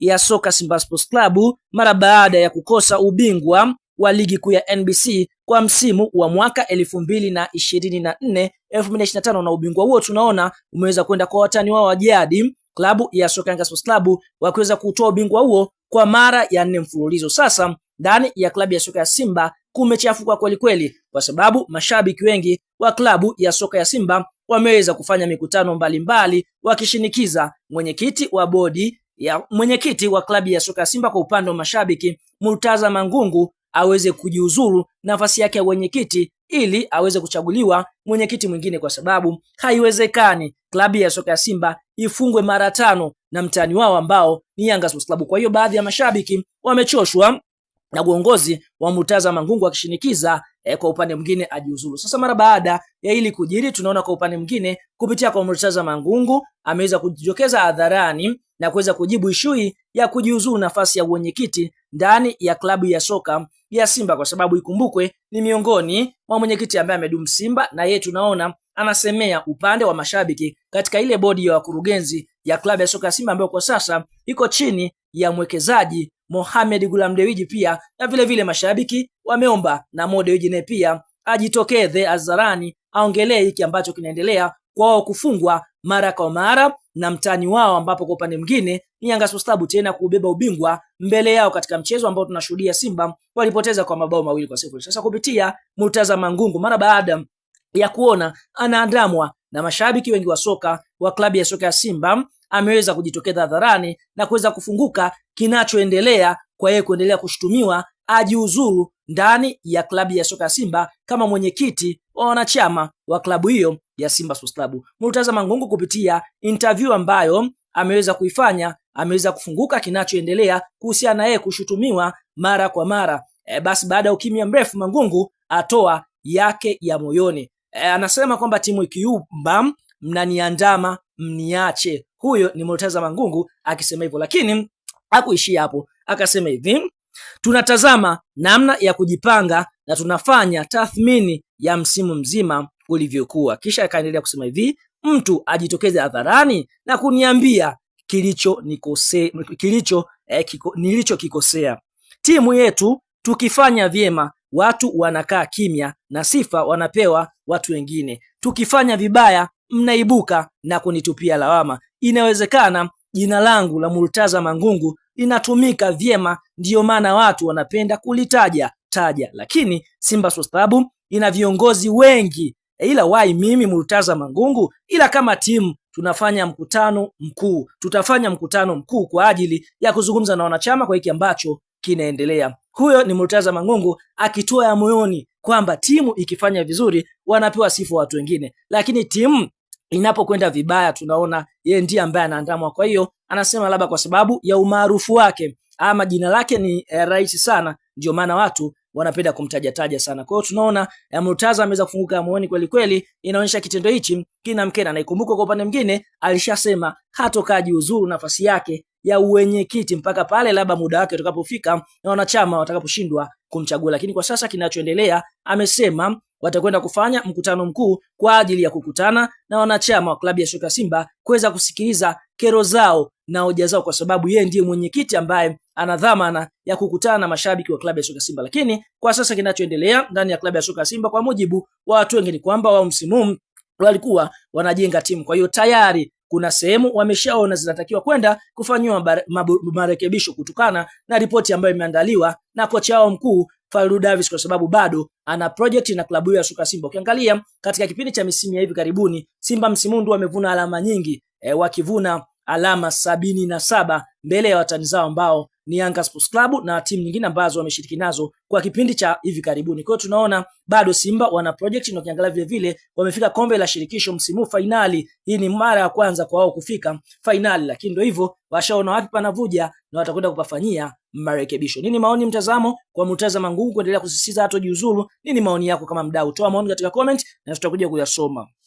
ya soka Simba Sports Club mara baada ya kukosa ubingwa wa ligi kuu ya NBC kwa msimu wa mwaka 2024 2025, na ubingwa huo tunaona umeweza kwenda kwa watani wao wa jadi klabu ya soka Yanga Sports Club wakiweza kutoa ubingwa huo kwa mara ya nne mfululizo. Sasa ndani ya klabu ya soka ya Simba kumechafuka kweli kweli, kwa sababu mashabiki wengi wa klabu ya soka ya Simba wameweza kufanya mikutano mbalimbali mbali, wakishinikiza mwenyekiti wa bodi ya mwenyekiti wa klabu ya soka Simba kwa upande wa mashabiki Murtaza Mangungu aweze kujiuzuru nafasi yake ya mwenyekiti ili aweze kuchaguliwa mwenyekiti mwingine, kwa sababu haiwezekani klabu ya soka ya Simba ifungwe mara tano na mtani wao ambao ni Yanga Sports Club. Kwa hiyo baadhi ya mashabiki wamechoshwa na uongozi wa Murtaza Mangungu akishinikiza eh, kwa upande mwingine ajiuzuru. Sasa mara baada ya hili kujiri, tunaona kwa upande mwingine kupitia kwa Murtaza Mangungu ameweza kujitokeza hadharani na kuweza kujibu ishui ya kujiuzuru nafasi ya uwenyekiti ndani ya klabu ya soka ya Simba, kwa sababu ikumbukwe ni miongoni mwa mwenyekiti ambaye amedumu Simba, na yeye tunaona anasemea upande wa mashabiki katika ile bodi ya wakurugenzi ya klabu ya soka ya Simba ambayo kwa sasa iko chini ya mwekezaji Mohamed Gulam Dewiji, pia na vile vile mashabiki wameomba na Mo Dewiji naye pia ajitokeze hadharani aongelee hiki ambacho kinaendelea kwao kufungwa mara kwa mara na mtani wao, ambapo kwa upande mwingine ni Yanga Sports Club tena kubeba ubingwa mbele yao katika mchezo ambao tunashuhudia Simba walipoteza kwa mabao mawili kwa sifuri. Sasa kupitia Murtaza Mangungu, mara baada ya kuona anaandamwa na mashabiki wengi wa soka wa klabu ya soka ya Simba, ameweza kujitokeza hadharani na kuweza kufunguka kinachoendelea kwa yeye kuendelea kushutumiwa ajiuzuru ndani ya klabu ya soka ya Simba kama mwenyekiti wa wanachama wa klabu hiyo ya Simba Sports Club. Murtaza Ngongo kupitia interview ambayo ameweza kuifanya ameweza kufunguka kinachoendelea kuhusiana na yeye kushutumiwa mara kwa mara. E, basi baada ya ukimya mrefu Mangungu atoa yake ya moyoni. E, anasema kwamba timu ikiumba mnaniandama mniache. Huyo ni Murtaza Mangungu akisema hivyo, lakini hakuishia hapo, akasema hivi tunatazama namna ya kujipanga na tunafanya tathmini ya msimu mzima ulivyokuwa. Kisha akaendelea kusema hivi, mtu ajitokeze hadharani na kuniambia kilicho nikose, kilicho eh, kiko, nilichokikosea. Timu yetu tukifanya vyema watu wanakaa kimya na sifa wanapewa watu wengine. Tukifanya vibaya mnaibuka na kunitupia lawama. Inawezekana jina langu la Murtaza Mangungu linatumika vyema, ndiyo maana watu wanapenda kulitaja taja, lakini Simba Sports Club ina viongozi wengi ila wai mimi Murtaza Mangungu, ila kama timu tunafanya mkutano mkuu, tutafanya mkutano mkuu kwa ajili ya kuzungumza na wanachama kwa hiki ambacho kinaendelea. Huyo ni Murtaza Mangungu akitoa ya moyoni kwamba timu ikifanya vizuri wanapewa sifa watu wengine, lakini timu inapokwenda vibaya tunaona yeye ndiye ambaye anaandamwa. Kwa hiyo anasema labda kwa sababu ya umaarufu wake ama jina lake ni eh, rahisi sana, ndio maana watu wanapenda kumtajataja sana. Kwa hiyo tunaona eh, Murtaza ameweza kufunguka amuoni kweli kweli, inaonyesha kitendo hichi kina mkera, na ikumbuke kwa upande mwingine alishasema hatokaa jiuzuru nafasi yake ya uwenyekiti mpaka pale labda muda wake utakapofika na wanachama watakaposhindwa kumchagua. Lakini kwa sasa kinachoendelea, amesema watakwenda kufanya mkutano mkuu kwa ajili ya kukutana na wanachama wa klabu ya soka Simba kuweza kusikiliza kero zao na hoja zao, kwa sababu yeye ndiye mwenyekiti ambaye ana dhamana ya kukutana na mashabiki wa klabu ya soka Simba. Lakini kwa sasa kinachoendelea ndani ya klabu ya soka Simba, kwa mujibu wa watu wengi, ni kwamba wao msimu walikuwa wanajenga timu, kwa hiyo tayari kuna sehemu wameshaona zinatakiwa kwenda kufanyiwa marekebisho kutokana na ripoti ambayo imeandaliwa na kocha wao mkuu Faru Davis kwa sababu bado ana project na klabu ya soka Simba. Ukiangalia katika kipindi cha misimu ya hivi karibuni, Simba msimu huu wamevuna alama nyingi e, wakivuna alama sabini na saba mbele ya watani zao ambao ni Yanga Sports Club na timu nyingine ambazo wameshiriki nazo kwa kipindi cha hivi karibuni. Kwa hiyo tunaona bado Simba wana project na ukiangalia vile vile wamefika kombe la shirikisho msimu finali. Hii ni mara ya kwanza kwa wao kufika finali, lakini ndio hivyo, washaona wapi panavuja na watakwenda kupafanyia marekebisho. Nini maoni mtazamo kwa Murtaza Ngugi kuendelea kusisitiza hata hatojiuzulu? Nini maoni yako kama mdau? Toa maoni katika comment na tutakuja kuyasoma.